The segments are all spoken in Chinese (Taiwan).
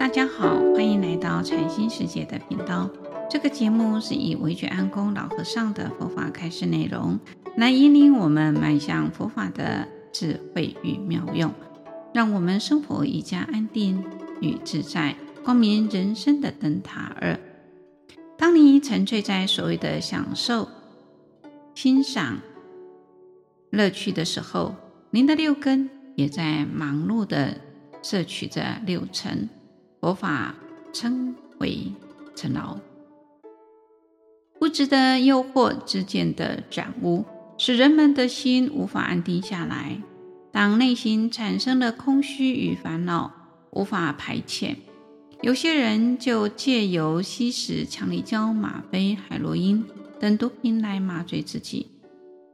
大家好，歡迎來到禪心世界的頻道。這個節目是以惟覺安公老和尚的佛法開示內容來引領我們邁向佛法的智慧與妙用，讓我們生活更加安定與自在，光明人生的燈塔二。當你沉醉在所謂的享受、欣賞、樂趣的時候，您的六根也在忙碌地攝取着六塵。佛法稱為塵勞，物質的誘惑、知見的染污，使人們的心無法安定下來。當內心產生了空虛與煩惱，無法排遣，有些人就借由吸食強力膠、嗎啡、海洛因等毒品來麻醉自己，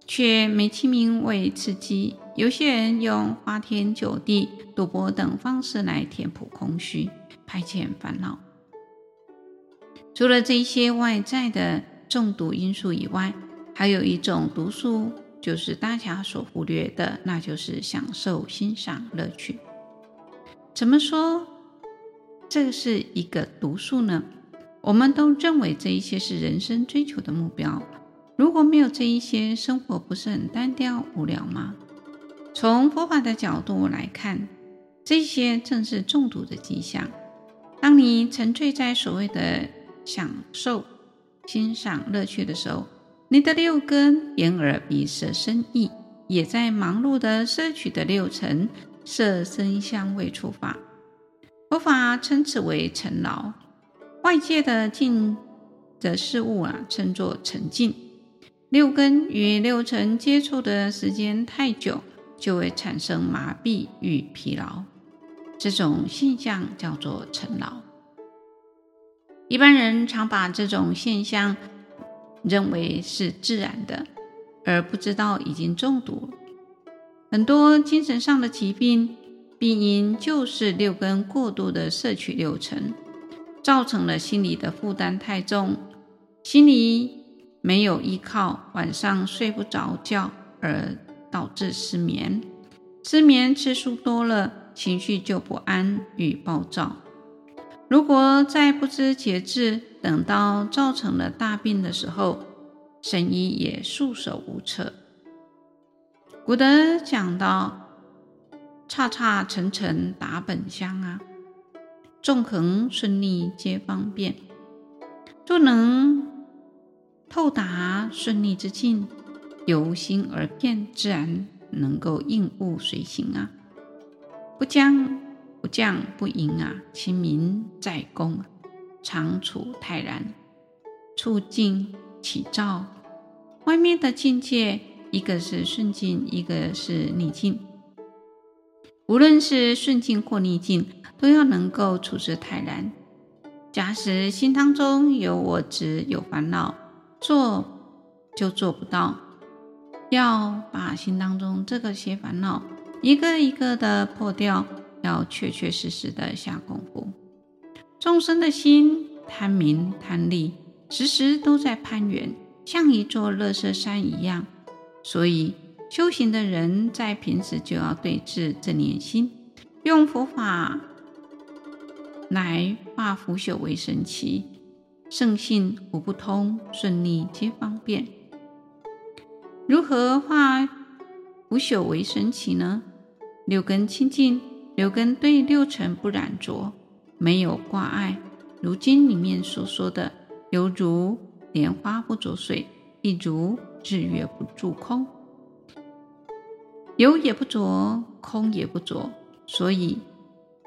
卻美其名為「刺激」。有些人用花天酒地、賭博等方式來填補空虛。排遣煩惱。除了這些外在的中毒因素以外，還有一種毒素，就是大家所忽略的，那就是享受、欣賞、樂趣。怎麼說？這是一個毒素呢？我們都認為這一些是人生追求的目標。如果沒有這一些，生活不是很單調無聊嗎？從佛法的角度來看，這些正是中毒的跡象。當你沉醉在所謂的享受、欣賞、樂趣的時候，你的六根眼、耳、鼻、舌、身、意，也在忙碌的攝取的六塵色、聲、香、味、觸、法。佛法稱此為塵勞。外界的境的事物啊，稱作塵境。六根與六塵接觸的時間太久，就會產生麻痹與疲勞。這種現象叫做“塵勞”。一般人常把這種現象認為是自然的，而不知道已經中毒。很多精神上的疾病病因，就是六根過度的攝取六塵，造成了心理的負擔太重，心裡沒有依靠，晚上睡不着覺，而導致失眠。失眠次數多了。情緒就不安與暴躁，如果再不知節制，等到造成了大病的時候，神醫也束手無策。古德講到：剎剎塵塵達本鄉啊，縱橫順逆皆方便，若能透達順逆之境，由心而變，自然能夠應物隨形啊。不將不將，不迎啊，清明在躬，常處泰然，觸境起照。外面的境界，一個是順境，一個是逆境。無論是順境或逆境，都要能夠處之泰然。假使心當中有我執、有煩惱，做就做不到。要把心當中這個些煩惱。一個一個的破掉，要確確實實的下功夫。眾生的心貪名貪利，時時都在攀緣，像一座垃圾山一樣。所以修行的人在平時就要對治這念心，用佛法來化腐朽為神奇，聖性無不、不通，順逆皆方便。如何化？腐朽為神奇呢？六根清淨，六根對六塵不染著，沒有掛礙。如經裡面所說的，猶如蓮花不着水，亦如日月不住空，有也不着，空也不着。所以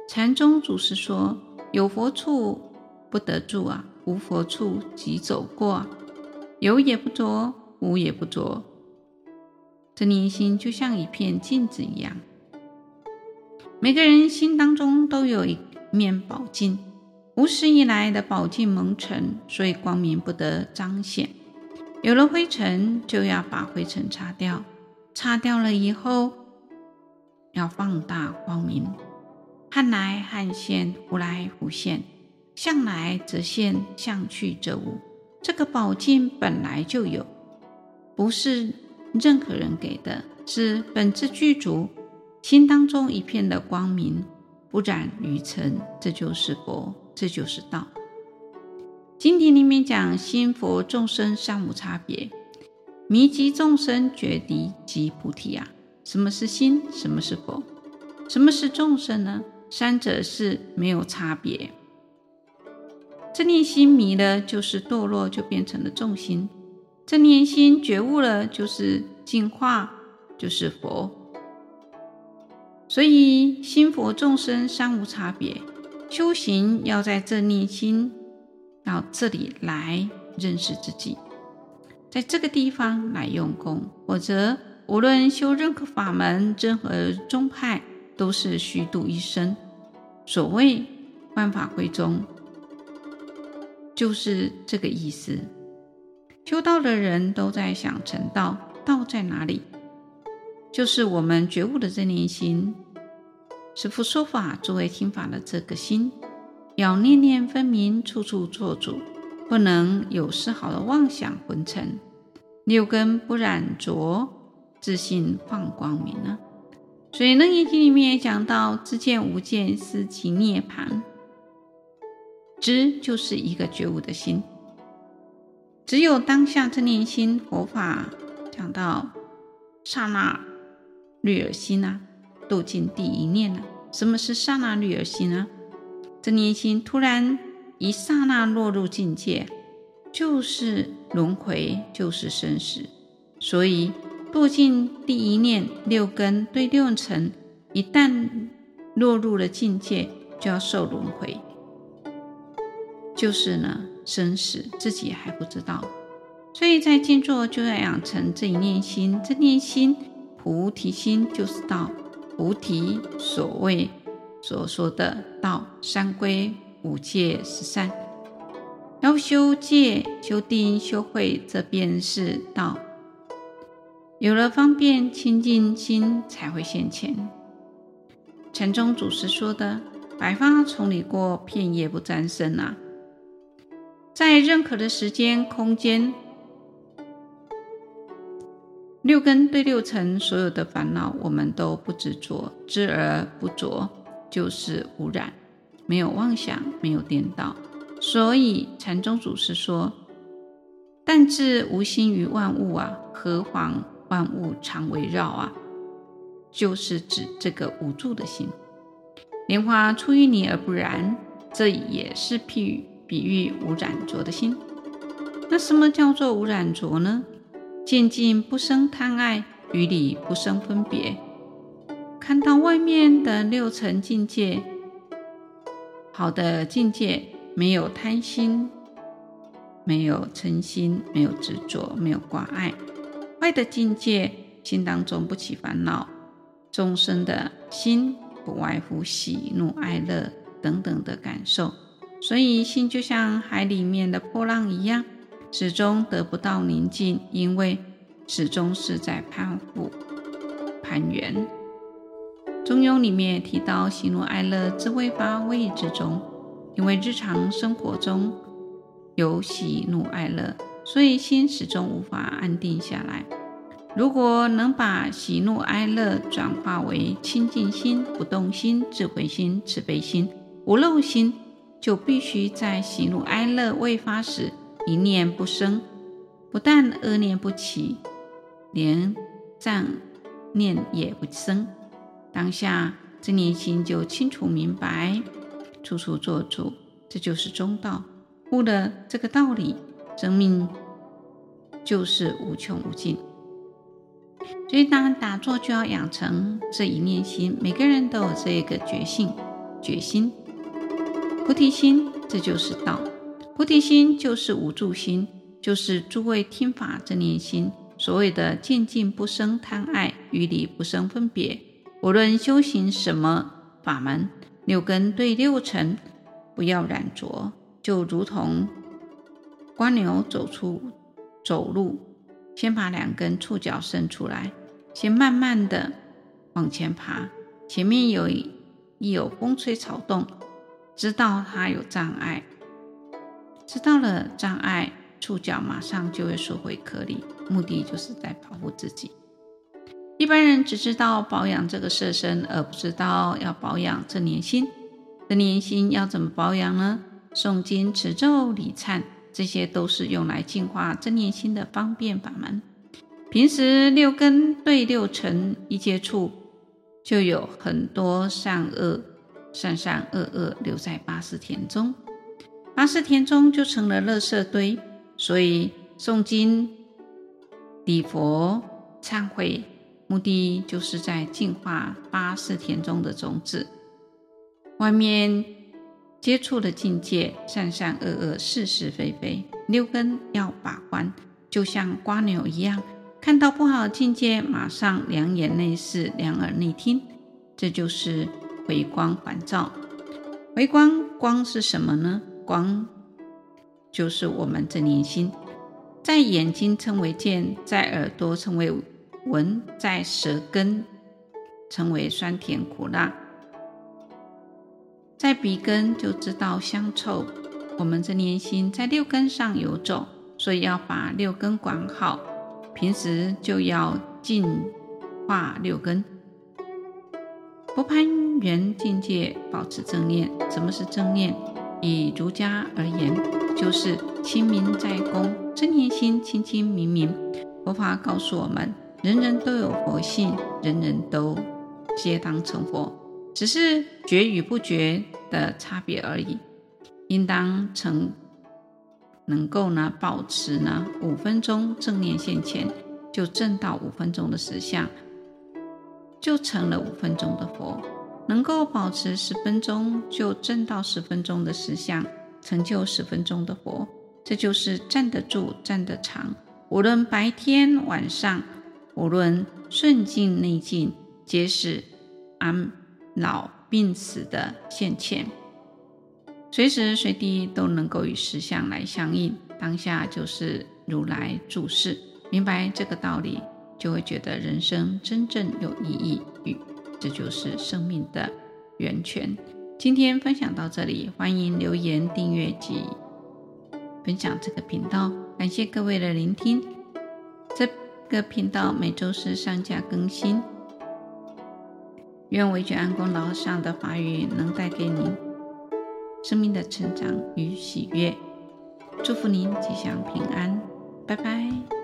禪宗祖師說：“有佛處不得住啊，無佛處急走過。有也不着，無也不着。”這念心就像一片鏡子一樣，每個人心當中都有一面寶鏡，無始以來的寶鏡蒙塵，所以光明不得彰顯。有了灰塵，就要把灰塵擦掉。擦掉了以後，要放大光明漢來漢。漢來漢現，胡來胡現；相來則現，相去則無。這個寶鏡本來就有，不是。任何人給的，是本自具足，心當中一片的光明，不染於塵，這就是佛，這就是道。經典裡面講，心佛眾生三無差別，迷即眾生，覺即菩提呀。什麼是心？什麼是佛？什麼是眾生呢？三者是沒有差別。這念心迷了，就是墮落，就變成了眾生。正念心覺悟了，就是淨化，就是佛。所以，心佛眾生三無差別。修行要在這念心到這裡來認識自己，在這個地方來用功，否則無論修任何法門，任何宗派，都是虛度一生。所謂萬法歸宗，就是這個意思。修道的人都在想成道，道在哪裡？就是我們覺悟的這念心。師父說法作為聽法的這個心，要念念分明，處處做主，不能有絲毫的妄想昏沉。六根不染塵，自心放光明呢、啊。所以《楞嚴經》裡面也講到：“知見無見，斯即涅槃。”知就是一個覺悟的心。只有當下這念心，佛法講到剎那率爾心呢、啊，墮境第一念了、啊。什麼是剎那率爾心呢、啊？這念心突然一剎那落入境界，就是輪迴，就是生死。所以墮境第一念，六根對六塵，一旦落入了境界，就要受輪迴，就是呢。生死自己還不知道，所以在靜坐就要養成這一念心，這念心菩提心就是道菩提。所謂所說的道，三皈五戒十善，要修戒、修定、修慧，這便是道。有了方便清淨心，才會現前。禪宗祖師說的：“百花叢裡過，片葉不沾身啊。”在任何的時間、空間，六根對六塵所有的煩惱，我們都不執着知而不着，就是無染，沒有妄想，沒有顛倒。所以禪宗祖師說：“但自無心於萬物啊，何妨萬物常圍繞啊？”就是指這個無住的心。蓮花出淤泥而不染，這也是譬喻。比喻無染著的心，那什麼叫做無染著呢？見境不生貪愛，於理不生分別。看到外面的六塵境界，好的境界沒有貪心，沒有嗔心，沒有執着，沒有掛礙；壞的境界，心當中不起煩惱，眾生的心不外乎喜怒哀樂等等的感受。所以心就像海裡面的波浪一樣，始終得不到寧靜，因為始終是在攀附、攀援。《中庸》裡面提到“喜怒哀樂之未發，謂之中”，因為日常生活中有喜怒哀樂，所以心始終無法安定下來。如果能把喜怒哀樂轉化為清淨心、不動心、智慧心、慈悲心、無漏心。就必須在喜怒哀樂未發時，一念不生；不但惡念不起，連善念也不生。當下這念心就清楚明白，處處做主，這就是中道。悟了這個道理，生命就是無窮無盡。所以，當打坐就要養成這一念心。每個人都有這一個覺心，覺心。菩提心，這就是道。菩提心就是無住心，就是諸位聽法這念心。所謂的見境不生貪愛，於理不生分別。無論修行什麼法門，六根對六塵，不要染著。就如同蝸牛走出走路，先把兩根觸角伸出來，先慢慢的往前爬。前面有有風吹草動。知道它有障礙，知道了障礙，觸角馬上就會縮回殼裡，目的就是在保護自己。一般人只知道保養這個色身，而不知道要保養這念心。這念心要怎麼保養呢？誦經、持咒、禮懺，這些都是用來淨化這念心的方便法門。平時六根對六塵一接觸，就有很多善惡。善善惡惡留在八識田中，八識田中就成了垃圾堆。所以誦經、禮佛、懺悔，目的就是在淨化八識田中的種子。外面接觸的境界，善善惡惡、是是非非，六根要把關，就像蝸牛一樣，看到不好的境界，馬上兩眼內視，兩耳內聽，這就是。回光返照，回光，光是什麼呢？光就是我們這念心，在眼睛稱為見，在耳朵稱為聞，在舌根稱為酸甜苦辣，在鼻根就知道香臭。我們這念心在六根上游走，所以要把六根管好，平時就要淨化六根。不攀緣境界，保持正念。什麼是正念？以儒家而言，就是清明在躬，正念心清清明明。佛法告訴我們，人人都有佛性，人人都皆當成佛，只是覺與不覺的差別而已。應當成能夠呢，保持呢五分鐘正念現前，就證到五分鐘的實相。就成了五分鐘的佛，能夠保持十分鐘就證到十分鐘的實相，成就十分鐘的佛，這就是站得住、站得長。無論白天晚上，無論順境、逆境，皆是安老病死的現前，隨時隨地都能夠與實相來相應，當下就是如來住世。明白這個道理，就會覺得人生真正有意義，與這就是生命的源泉。今天分享到這裡，歡迎留言、訂閱及分享這個頻道。感謝各位的聆聽。這個頻道每周四上架更新。願惟覺安公老和尚的法語能帶給您生命的成長與喜悅。祝福您吉祥平安，拜拜。